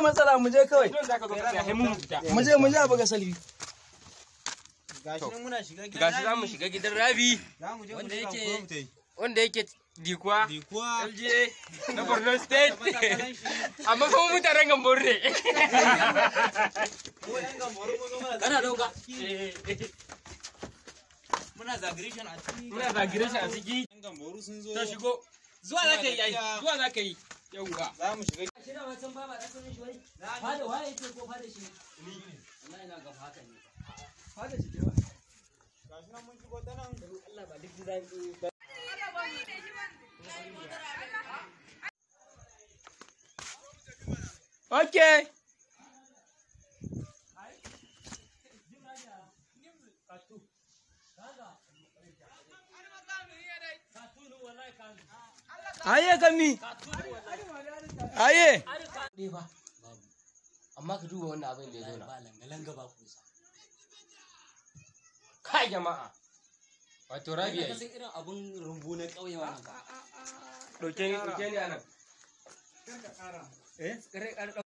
matsala mu je kawai mu je mu je abu ga salbi gashi za mu shiga gidan rabi wanda yake wanda yake dikuwa lj na borno state amma kuma mutanen gambon ne kana dauka muna zagirishin a ciki muna zagirishin a ciki ta shigo zuwa za ka yi zuwa za ka yi yauwa za mu shiga da wancan ba ba da sunan shi wani fada wa yake ko fada shi ni ne wallahi na ga fata ne fada shi ke ba gashi nan mun shigo ta nan Allah ba duk zai Okay. Aye kami. aye amma ka duba wannan abin da ya zauna kai jama'a wato rabia yi irin abin rumbu na ƙauye wannan ɗauke ni ni anan kar ka kara eh kare